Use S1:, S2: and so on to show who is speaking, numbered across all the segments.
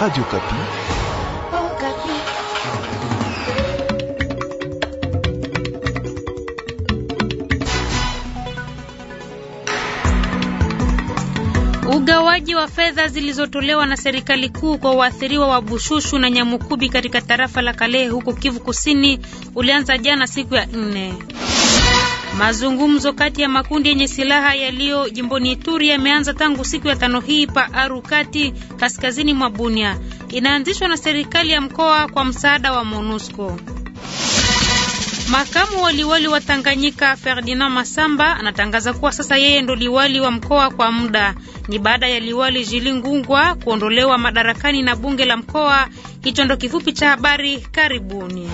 S1: Radio Kapi.
S2: Oh, Kapi.
S1: Ugawaji wa fedha zilizotolewa na serikali kuu kwa waathiriwa wa Bushushu na Nyamukubi katika tarafa la Kalehe huko Kivu Kusini ulianza jana siku ya nne. Mazungumzo kati ya makundi yenye silaha yaliyo jimboni Ituri yameanza tangu siku ya tano hii pa Arukati kaskazini mwa Bunia. Inaanzishwa na serikali ya mkoa kwa msaada wa MONUSCO. Makamu wa liwali wa Tanganyika Ferdinand Masamba anatangaza kuwa sasa yeye ndo liwali wa mkoa kwa muda. Ni baada ya liwali Jili Ngungwa kuondolewa madarakani na bunge la mkoa. Hicho ndo kifupi cha habari. Karibuni.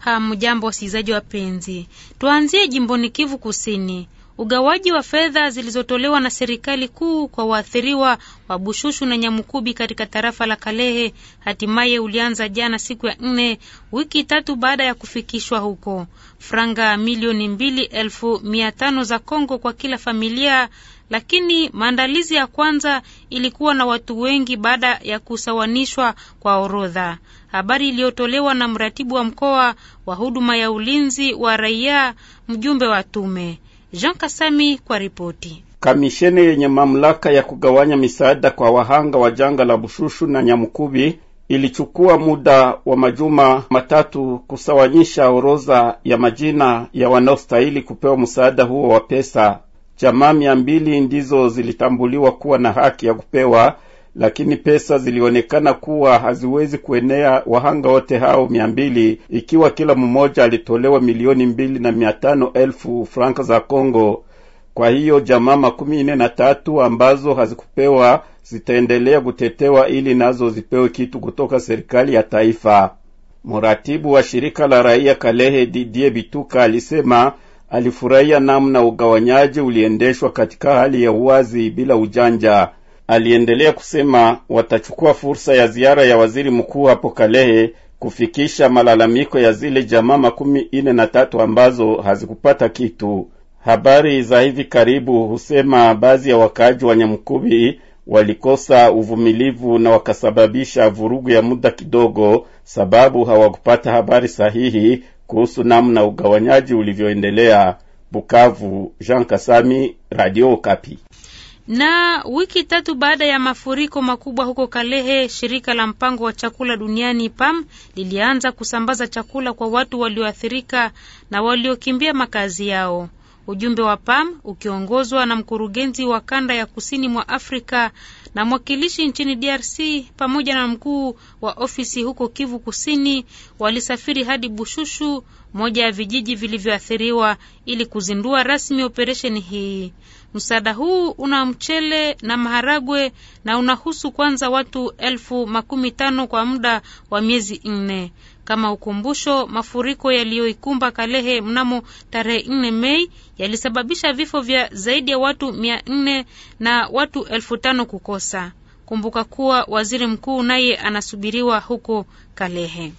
S1: Hamjambo wasikilizaji wapenzi, tuanzie jimboni Kivu Kusini. Ugawaji wa fedha zilizotolewa na serikali kuu kwa waathiriwa wa Bushushu na Nyamukubi katika tarafa la Kalehe hatimaye ulianza jana siku ya nne, wiki tatu baada ya kufikishwa huko. Franga milioni mbili elfu mia tano za Kongo kwa kila familia, lakini maandalizi ya kwanza ilikuwa na watu wengi baada ya kusawanishwa kwa orodha habari iliyotolewa na mratibu wa mkoa wa huduma ya ulinzi wa raia, mjumbe wa tume Jean Kasami kwa ripoti.
S2: Kamisheni yenye mamlaka ya kugawanya misaada kwa wahanga wa janga la Bushushu na Nyamukubi ilichukua muda wa majuma matatu kusawanyisha orodha ya majina ya wanaostahili kupewa msaada huo wa pesa. Jamaa mia mbili ndizo zilitambuliwa kuwa na haki ya kupewa lakini pesa zilionekana kuwa haziwezi kuenea wahanga wote hao mia mbili, ikiwa kila mmoja alitolewa milioni mbili na mia tano elfu franka za Kongo. Kwa hiyo jamaa makumi nne na tatu ambazo hazikupewa zitaendelea kutetewa ili nazo zipewe kitu kutoka serikali ya taifa. Mratibu wa shirika la raia Kalehe Didie Bituka alisema alifurahia namna ugawanyaji uliendeshwa katika hali ya uwazi bila ujanja. Aliendelea kusema watachukua fursa ya ziara ya waziri mkuu hapo Kalehe kufikisha malalamiko ya zile jamaa makumi ine na tatu ambazo hazikupata kitu. Habari za hivi karibu husema baadhi ya wakaaji wa Nyamkubi walikosa uvumilivu na wakasababisha vurugu ya muda kidogo, sababu hawakupata habari sahihi kuhusu namna ugawanyaji ulivyoendelea. Bukavu, Jean Kasami, Radio Kapi.
S1: Na wiki tatu baada ya mafuriko makubwa huko Kalehe, shirika la mpango wa chakula duniani PAM lilianza kusambaza chakula kwa watu walioathirika na waliokimbia makazi yao. Ujumbe wa PAM ukiongozwa na mkurugenzi wa kanda ya kusini mwa Afrika na mwakilishi nchini DRC pamoja na mkuu wa ofisi huko Kivu Kusini walisafiri hadi Bushushu, moja ya vijiji vilivyoathiriwa, ili kuzindua rasmi operesheni hii. Msaada huu una mchele na maharagwe na unahusu kwanza watu elfu makumi tano kwa muda wa miezi nne. Kama ukumbusho, mafuriko yaliyoikumba Kalehe mnamo tarehe 4 Mei yalisababisha vifo vya zaidi ya watu mia nne na watu elfu tano kukosa. Kumbuka kuwa waziri mkuu naye anasubiriwa huko Kalehe.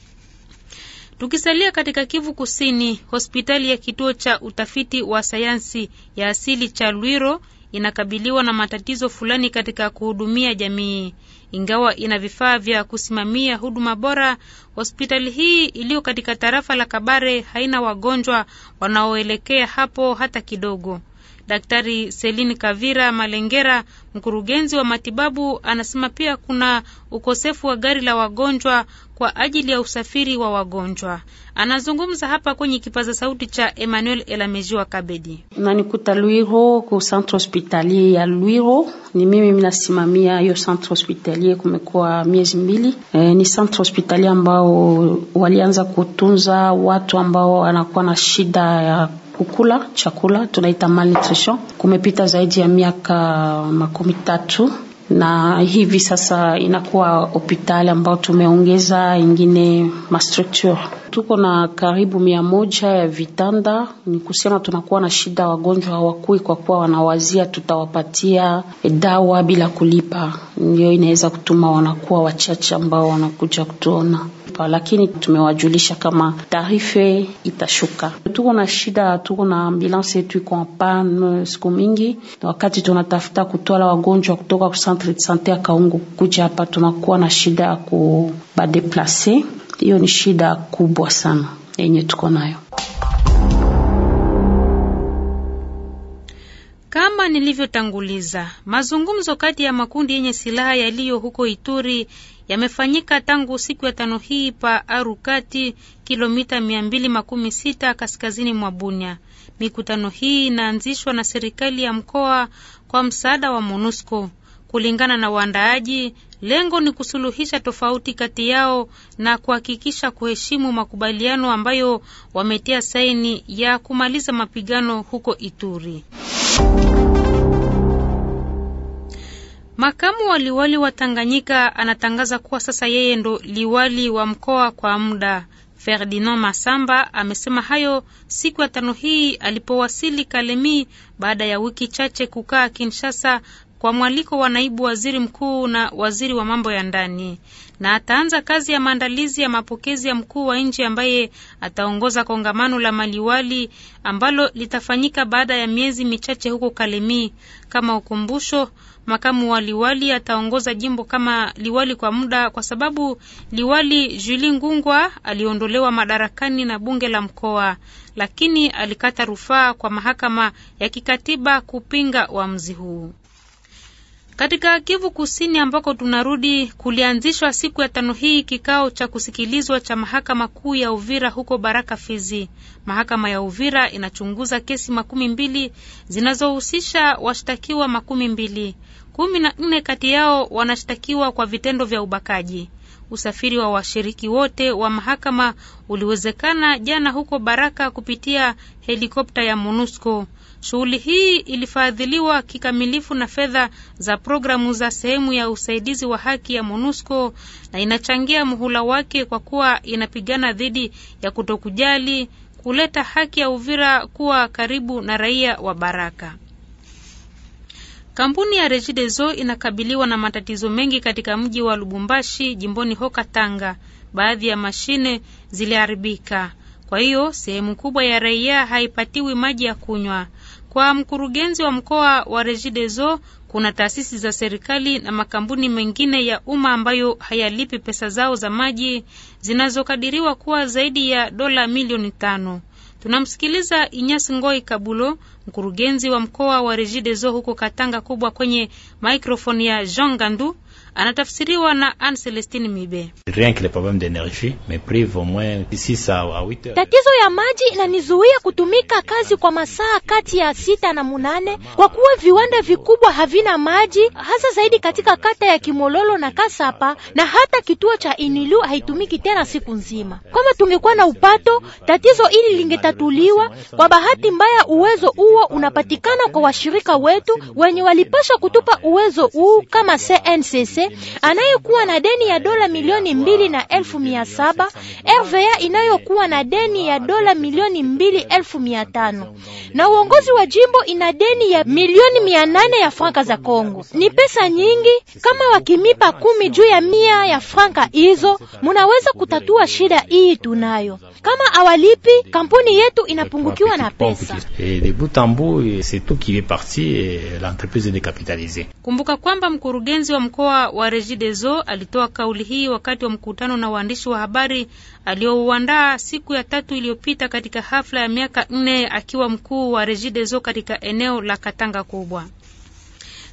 S1: Tukisalia katika Kivu Kusini, hospitali ya kituo cha utafiti wa sayansi ya asili cha Lwiro inakabiliwa na matatizo fulani katika kuhudumia jamii. Ingawa ina vifaa vya kusimamia huduma bora, hospitali hii iliyo katika tarafa la Kabare haina wagonjwa wanaoelekea hapo hata kidogo. Daktari Celine Kavira Malengera, mkurugenzi wa matibabu, anasema pia kuna ukosefu wa gari la wagonjwa kwa ajili ya usafiri wa wagonjwa. Anazungumza hapa kwenye kipaza sauti cha Emmanuel Elamezi wa Kabedi.
S3: Nanikuta Lwiro ku centre hospitalier ya Lwiro, ni mimi minasimamia hiyo centre hospitalier kumekuwa miezi mbili. E, ni centre hospitalier ambao walianza kutunza watu ambao wanakuwa na shida ya kukula chakula tunaita malnutrition. Kumepita zaidi ya miaka makumi tatu na hivi sasa inakuwa hopitali ambao tumeongeza ingine mastructure. Tuko na karibu mia moja ya vitanda. Ni kusema tunakuwa na shida, wagonjwa hawakui kwa kuwa wanawazia tutawapatia dawa bila kulipa, ndio inaweza kutuma wanakuwa wachache ambao wanakuja kutuona lakini tumewajulisha kama tarife itashuka. Tuko na shida, tuko na ambulance yetu iko panne siku mingi, na wakati tunatafuta kutwala wagonjwa kutoka ku centre de sante ya Kaungu kuja hapa, tunakuwa na shida ya kubadeplase. Hiyo ni shida kubwa sana yenye tuko nayo.
S1: Kama nilivyotanguliza, mazungumzo kati ya makundi yenye silaha yaliyo huko Ituri yamefanyika tangu siku ya tano hii pa Arukati, kilomita 216 kaskazini mwa Bunia. Mikutano hii inaanzishwa na serikali ya mkoa kwa msaada wa MONUSCO. Kulingana na waandaaji, lengo ni kusuluhisha tofauti kati yao na kuhakikisha kuheshimu makubaliano ambayo wametia saini ya kumaliza mapigano huko Ituri. Makamu wa liwali wa Tanganyika anatangaza kuwa sasa yeye ndo liwali wa mkoa kwa muda. Ferdinand Masamba amesema hayo siku ya tano hii alipowasili Kalemi baada ya wiki chache kukaa Kinshasa kwa mwaliko wa naibu waziri mkuu na waziri wa mambo ya ndani na ataanza kazi ya maandalizi ya mapokezi ya mkuu wa nchi ambaye ataongoza kongamano la maliwali ambalo litafanyika baada ya miezi michache huko Kalemi. Kama ukumbusho, makamu wa liwali ataongoza jimbo kama liwali kwa muda, kwa sababu liwali juli Ngungwa aliondolewa madarakani na bunge la mkoa, lakini alikata rufaa kwa mahakama ya kikatiba kupinga uamuzi huu. Katika Kivu Kusini ambako tunarudi, kulianzishwa siku ya tano hii kikao cha kusikilizwa cha mahakama kuu ya Uvira huko Baraka Fizi. Mahakama ya Uvira inachunguza kesi makumi mbili zinazohusisha washtakiwa makumi mbili, kumi na nne kati yao wanashtakiwa kwa vitendo vya ubakaji. Usafiri wa washiriki wote wa mahakama uliwezekana jana huko Baraka kupitia helikopta ya MONUSCO. Shughuli hii ilifadhiliwa kikamilifu na fedha za programu za sehemu ya usaidizi wa haki ya MONUSCO na inachangia muhula wake kwa kuwa inapigana dhidi ya kutokujali, kuleta haki ya Uvira kuwa karibu na raia wa Baraka. Kampuni ya Regideso inakabiliwa na matatizo mengi katika mji wa Lubumbashi, jimboni Hoka Tanga. Baadhi ya mashine ziliharibika, kwa hiyo sehemu kubwa ya raia haipatiwi maji ya kunywa. Kwa mkurugenzi wa mkoa wa Regideso, kuna taasisi za serikali na makampuni mengine ya umma ambayo hayalipi pesa zao za maji zinazokadiriwa kuwa zaidi ya dola milioni tano. Tunamsikiliza inyas Ngoi Kabulo, mkurugenzi wa mkoa wa Regideso huko Katanga kubwa kwenye maikrofoni ya Jean Gandu anatafsiriwa na Anne Celestine Mibe. Tatizo ya maji inanizuia kutumika kazi kwa masaa kati ya sita na munane kwa kuwa viwanda vikubwa havina maji, hasa zaidi katika kata ya Kimololo na Kasapa, na hata kituo cha Inilu haitumiki tena siku nzima. Kama tungekuwa na upato, tatizo hili lingetatuliwa. Kwa bahati mbaya, uwezo huo unapatikana kwa washirika wetu wenye walipasha kutupa uwezo huu kama CNCC yoyote anayekuwa na deni ya dola milioni mbili na elfu mia saba RVA inayokuwa na deni ya dola milioni mbili elfu mia tano na uongozi wa jimbo ina deni ya milioni mia nane ya franka za Kongo. Ni pesa nyingi. Kama wakimipa kumi juu ya mia ya franka hizo, munaweza kutatua shida hii tunayo. Kama awalipi, kampuni yetu inapungukiwa na pesa. Kumbuka kwamba mkurugenzi wa mkoa wa Regideso alitoa kauli hii wakati wa mkutano na waandishi wa habari aliyouandaa siku ya tatu iliyopita katika hafla ya miaka nne akiwa mkuu wa Regideso katika eneo la Katanga kubwa.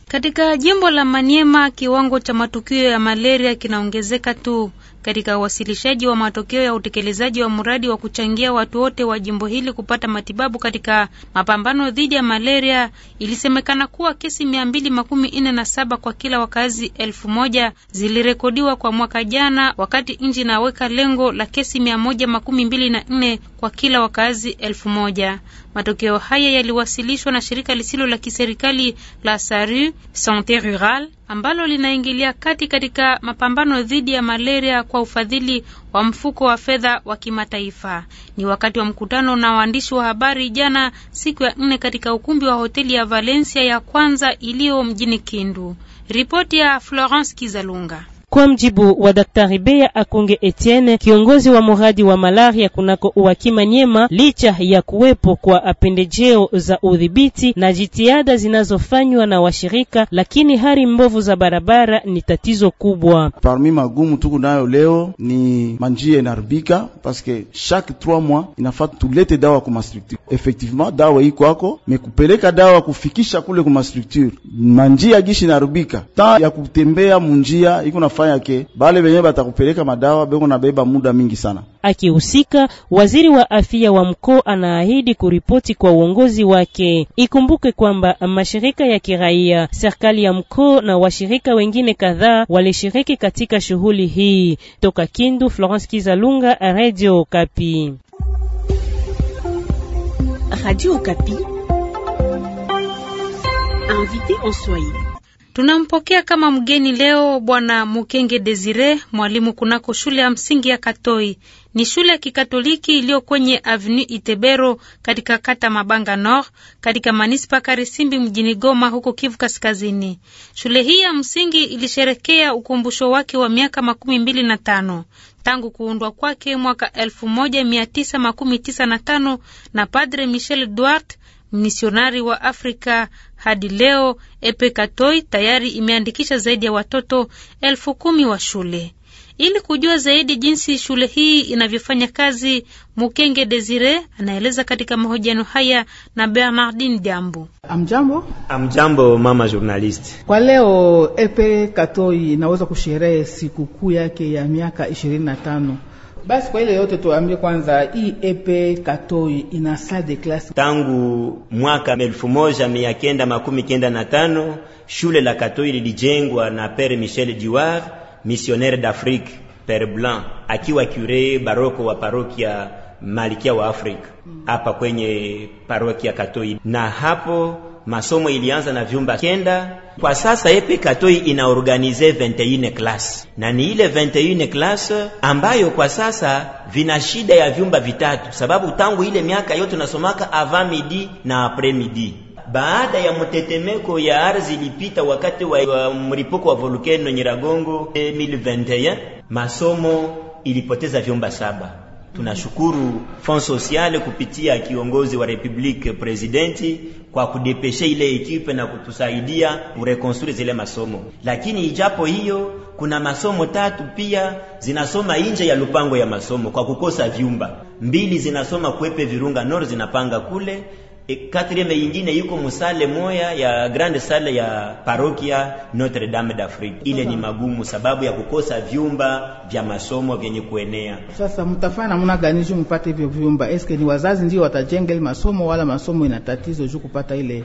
S1: Katika jimbo la Maniema kiwango cha matukio ya malaria kinaongezeka tu katika uwasilishaji wa matokeo ya utekelezaji wa mradi wa kuchangia watu wote wa jimbo hili kupata matibabu katika mapambano dhidi ya malaria, ilisemekana kuwa kesi mia mbili makumi nne na saba kwa kila wakazi elfu moja zilirekodiwa kwa mwaka jana, wakati nchi inaweka lengo la kesi mia moja makumi mbili na nne kwa kila wakazi elfu moja. Matokeo haya yaliwasilishwa na shirika lisilo la kiserikali la Saru Sante Rural ambalo linaingilia kati katika mapambano dhidi ya malaria kwa ufadhili wa mfuko wa fedha wa kimataifa. Ni wakati wa mkutano na waandishi wa habari jana siku ya nne katika ukumbi wa hoteli ya Valencia ya kwanza iliyo mjini Kindu. Ripoti ya Florence Kizalunga.
S3: Kwa mjibu wa Daktari Bea Akunge Etienne, kiongozi wa muradi wa malaria kunako Uwakima Nyema, licha ya kuwepo kwa apendejeo za udhibiti na jitihada zinazofanywa na washirika, lakini hali mbovu za barabara ni tatizo kubwa.
S2: Parmi magumu tuku nayo leo ni manjia inaharibika, paske chaque 3 mois inafaa tulete dawa ku mastructure. Effectivement dawa iko kwako, mekupeleka dawa kufikisha kule ku mastructure, manjia gishi inaharibika, ta ya kutembea munjia iko na kufanya ke bale wenyewe batakupeleka madawa bengo beba muda mingi sana.
S3: Akihusika, waziri wa afya wa mkoa anaahidi kuripoti kwa uongozi wake. Ikumbuke kwamba mashirika ya kiraia, serikali ya mkoa na washirika wengine kadhaa walishiriki katika shughuli hii. Toka Kindu, Florence Kizalunga, Radio Kapi.
S1: Radio Kapi. Invité en Swahili. Tunampokea kama mgeni leo Bwana Mukenge Desire, mwalimu kunako shule ya msingi ya Katoi. Ni shule ya kikatoliki iliyo kwenye Avenue Itebero katika kata Mabanga Nord katika manispa Karisimbi mjini Goma huko Kivu Kaskazini. Shule hii ya msingi ilisherekea ukumbusho wake wa miaka makumi mbili na tano tangu kuundwa kwake mwaka elfu moja mia tisa makumi tisa na tano na Padre Michel Duarte, misionari wa Afrika hadi leo Epekatoi tayari imeandikisha zaidi ya watoto elfu kumi wa shule. Ili kujua zaidi jinsi shule hii inavyofanya kazi, Mukenge Desire anaeleza katika mahojiano haya na Bernardin Jambo.
S2: Amjambo.
S4: Amjambo mama journalist.
S2: Kwa leo Epe Katoi inaweza kusherehe sikukuu yake ya miaka ishirini na tano basi kwa ile yote tuambie kwanza, hii epe Katoi ina salle de classe
S4: tangu mwaka elfu moja mia kenda makumi kenda na tano. Shule la Katoi lilijengwa na Pere Michel Diwar, missionnaire d'Afrique, Pere Blanc, akiwa cure baroko wa parokia Malikia wa Afrika mm. hapa kwenye parokia Katoi, na hapo masomo ilianza na vyumba kenda. Kwa sasa epe EPECATOI inaorganize 21 klasi na ni ile 21 klasi ambayo kwa sasa vina shida ya vyumba vitatu, sababu tangu ile miaka yote tunasomaka avant midi na apre midi baada ya mtetemeko ya ardhi ilipita wakati wa, wa mlipuko wa volkano Nyiragongo 2021 eh, masomo ilipoteza vyumba saba Tunashukuru Fond Social kupitia kiongozi wa Republique Presidenti kwa kudepeshe ile ekipe na kutusaidia kurekonstruire zile masomo, lakini ijapo hiyo, kuna masomo tatu pia zinasoma inje ya lupango ya masomo kwa kukosa vyumba. Mbili zinasoma kwepe Virunga Nord zinapanga kule Quatrième e, yingine yuko musale moya ya grande sale ya parokia Notre Dame d'Afrique. Ile ni magumu sababu ya kukosa vyumba vya masomo vyenye kuenea.
S2: Sasa mtafanya namna gani juu mpate hivyo vyumba? Eske ni wazazi ndio watajenga ile masomo wala masomo ina tatizo juu kupata ile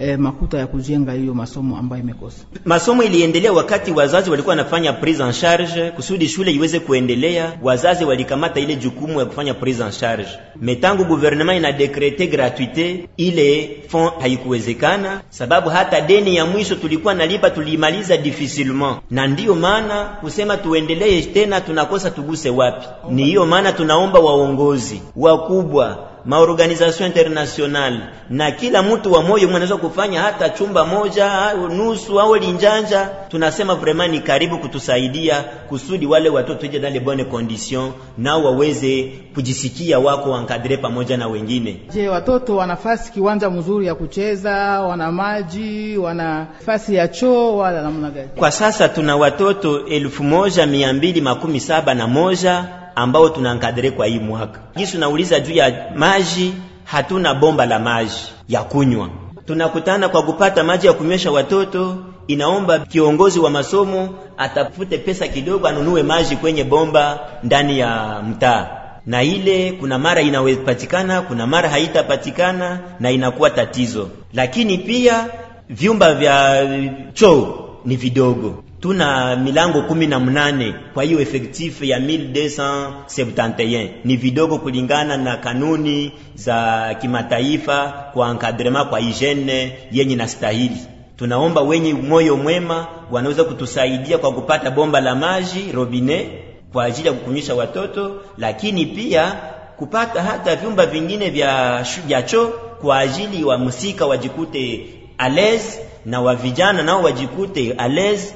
S2: eh, makuta ya kujenga hiyo masomo ambayo imekosa.
S4: Masomo iliendelea wakati wazazi walikuwa wanafanya prise en charge kusudi shule iweze kuendelea. Wazazi walikamata ile jukumu ya kufanya prise en charge, metangu gouvernement ina dekrete gratuite ile fond haikuwezekana, sababu hata deni ya mwisho tulikuwa nalipa tulimaliza difficilement, na ndiyo maana kusema tuendelee tena tunakosa tuguse wapi. Ni hiyo maana tunaomba waongozi wakubwa maorganizasyon internationale na kila mtu wa moyo mwanaweza kufanya hata chumba moja nusu au linjanja. Tunasema vraiment ni karibu kutusaidia kusudi wale watoto ije dans les bonnes conditions, nao waweze kujisikia wako wankadre pamoja na wengine.
S2: Je, watoto wana nafasi kiwanja mzuri ya kucheza? Wana maji? Wana nafasi ya choo wala namna gani?
S4: Kwa sasa tuna watoto elfu moja mia mbili makumi saba na moja ambao tunankadire kwa hii mwaka. Jinsi tunauliza juu ya maji, hatuna bomba la maji ya kunywa. Tunakutana kwa kupata maji ya kunywesha watoto, inaomba kiongozi wa masomo atafute pesa kidogo anunue maji kwenye bomba ndani ya mtaa, na ile kuna mara inawezapatikana, kuna mara haitapatikana na inakuwa tatizo. Lakini pia vyumba vya choo ni vidogo tuna milango kumi na mnane kwa hiyo efektifu ya 1271 ni vidogo kulingana na kanuni za kimataifa kwa ankadrema kwa hygiene yenye na stahili. Tunaomba wenye moyo mwema wanaweza kutusaidia kwa kupata bomba la maji robine kwa ajili ya kukunyisha watoto, lakini pia kupata hata vyumba vingine vya, vya choo kwa ajili wa musika wajikute alez na wa vijana nao wajikute alez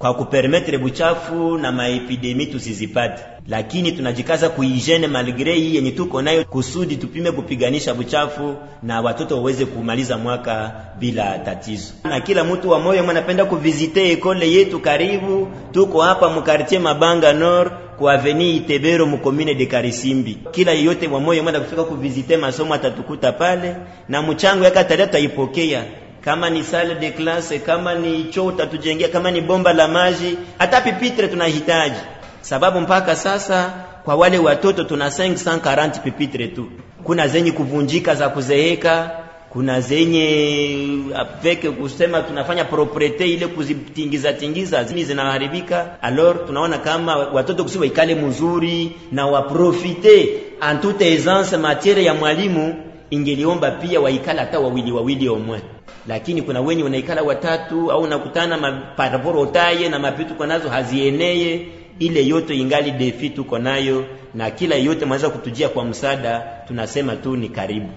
S4: kwa kupermetre buchafu na maepidemi tusizipate, lakini tunajikaza kuijene malgre hii yenye tuko nayo, kusudi tupime kupiganisha buchafu na watoto waweze kumaliza mwaka bila tatizo. Na kila mtu wa moyo mwanapenda kuvizite ekole yetu karibu, tuko hapa mukartier Mabanga Nord kwa aveni Itebero mukomine de Karisimbi. Kila yeyote wa moyo mwenda kufika kuvizite masomo atatukuta pale, na mchango yake tutaipokea kama ni salle de classe, kama ni choo utatujengea, kama ni bomba la maji, hata pipitre tunahitaji, sababu mpaka sasa kwa wale watoto tuna 540 pipitre tu. Kuna zenye kuvunjika za kuzeeka, kuna zenye avec ah, kusema tunafanya propriete ile kuzitingiza tingiza zini zinaharibika. Alors tunaona kama watoto kusi waikale mzuri na waprofite en toute aisance matiere ya mwalimu ingeliomba pia waikala hata wawili wawili omwe, lakini kuna wenye wanaikala watatu au unakutana maparaporo otaye na mapitu kwa nazo hazieneye. Ile yote ingali defi tuko nayo na kila yote mwaweza kutujia kwa msaada, tunasema tu ni karibu.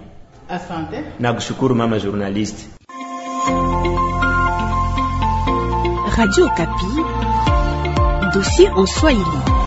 S4: Asante na kushukuru mama journalist.
S3: Radio Kapi, dossier en Swahili.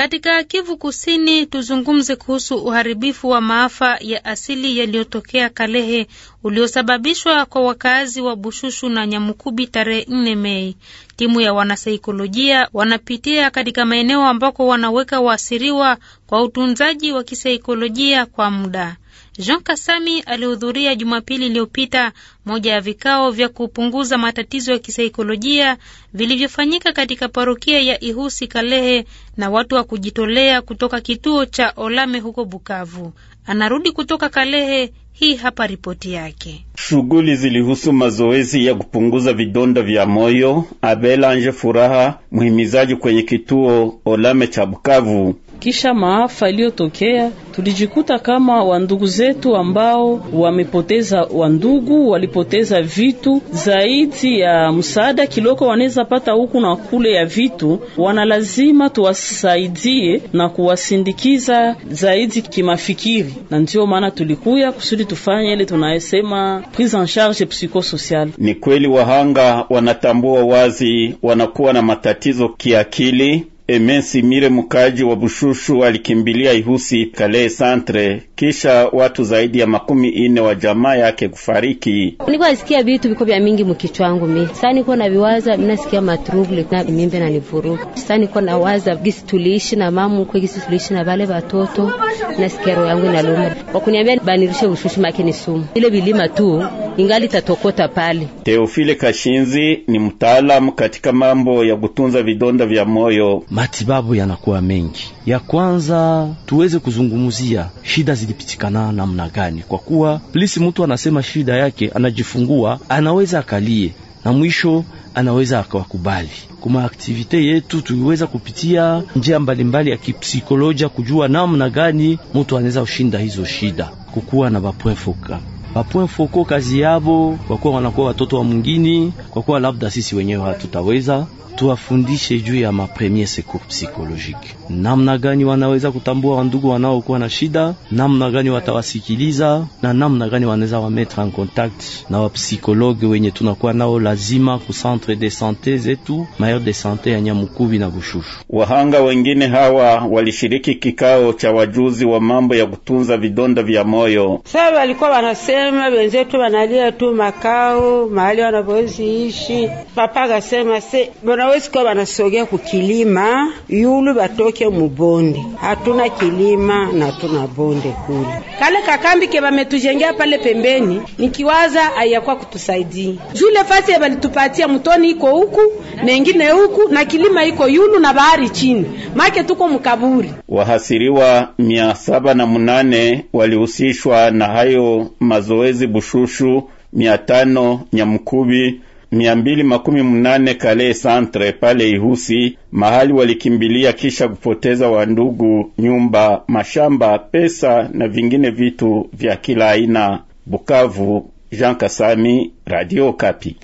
S1: Katika Kivu Kusini, tuzungumze kuhusu uharibifu wa maafa ya asili yaliyotokea Kalehe uliosababishwa kwa wakaazi wa Bushushu na Nyamukubi tarehe 4 Mei. Timu ya wanasaikolojia wanapitia katika maeneo ambako wanaweka waasiriwa kwa utunzaji wa kisaikolojia kwa muda. Jean Kasami alihudhuria Jumapili iliyopita moja ya vikao vya kupunguza matatizo ya kisaikolojia vilivyofanyika katika parokia ya Ihusi Kalehe na watu wa kujitolea kutoka kituo cha Olame huko Bukavu. Anarudi kutoka Kalehe. Hii hapa ripoti yake.
S2: Shughuli zilihusu mazoezi ya kupunguza vidonda vya moyo. Abel Anje Furaha, mhimizaji kwenye kituo Olame cha Bukavu,
S3: kisha maafa iliyotokea, tulijikuta kama wandugu zetu ambao wamepoteza wandugu, walipoteza vitu zaidi ya msaada kiloko wanaweza pata huku na kule ya vitu, wanalazima tuwasaidie na kuwasindikiza zaidi kimafikiri, na ndiyo maana tulikuya kusudi tufanye ile tunayesema prise en charge psychosocial.
S2: Ni kweli wahanga wanatambua wazi wanakuwa na matatizo kiakili Emensi Mire, mkaji wa Bushushu, alikimbilia Ihusi Kale Santre kisha watu zaidi ya makumi ine wa jamaa yake kufariki.
S1: Niko nasikia vitu viko vya mingi mkichwa wangu mimi. Sasa niko na viwaza, nasikia matrugle na mimbe na nivuruka Sasa niko na waza gisi tuliishi na mamu kwa gisi tuliishi na wale watoto, nasikia roho yangu inaluma. Wakuniambia banirushe Bushushu make ni sumu. Ile bilima tu ingali tatokota pale.
S2: Teofile Kashinzi ni mtaalamu katika mambo ya kutunza vidonda vya moyo matibabu yanakuwa mengi.
S4: Ya kwanza tuweze kuzungumzia shida zilipitikana namna gani, kwa kuwa plisi mtu anasema shida yake, anajifungua, anaweza akalie na mwisho anaweza akawakubali. Kuma aktivite yetu tuliweza kupitia njia mbalimbali ya kipsikolojia kujua namna gani mtu anaweza kushinda hizo shida, kukuwa na bapoint focal Bapwe foko kazi yabo kwa kuwa wanakuwa watoto wa mwingine, kwa kuwa labda sisi wenyewe hatutaweza tuwafundishe juu ya mapremier secours psychologique, namna gani wanaweza kutambua wandugu wanaokuwa na shida, namna gani watawasikiliza na namna gani wanaweza wametre en contact na wapsikologe wenye tunakuwa nao lazima ku centre de sante zetu maire de sante ya Nyamukubi na Bushushu.
S2: Wahanga wengine hawa walishiriki kikao cha wajuzi wa mambo ya kutunza vidonda vya moyo.
S3: Sasa walikuwa wanasema Sema wenzetu wanalia tu makao mahali wanavyoezi ishi. Papa akasema se wanawezi kuwa wanasogea kukilima yulu batoke mubonde, hatuna kilima na hatuna bonde kule. Kale kakambi ke bametujengea pale pembeni, nikiwaza ayakuwa kutusaidia jule fasi balitupatia mutoni iko huku mengine huku na kilima iko yulu na bahari chini, make tuko mkaburi.
S2: Wahasiriwa mia saba na munane walihusishwa na hayo mazu Mazoezi Bushushu, mia tano Nyamkubi, mia mbili makumi mnane Kale Santre pale Ihusi, mahali walikimbilia kisha kupoteza wandugu, nyumba, mashamba, pesa na vingine vitu vya kila aina. Bukavu, Jean Kasami, Radio Kapi.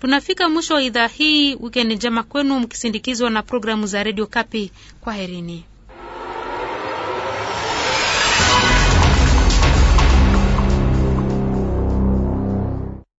S1: Tunafika mwisho wa idhaa hii. Wikendi njema kwenu, mkisindikizwa na programu za Radio Kapi. Kwaherini.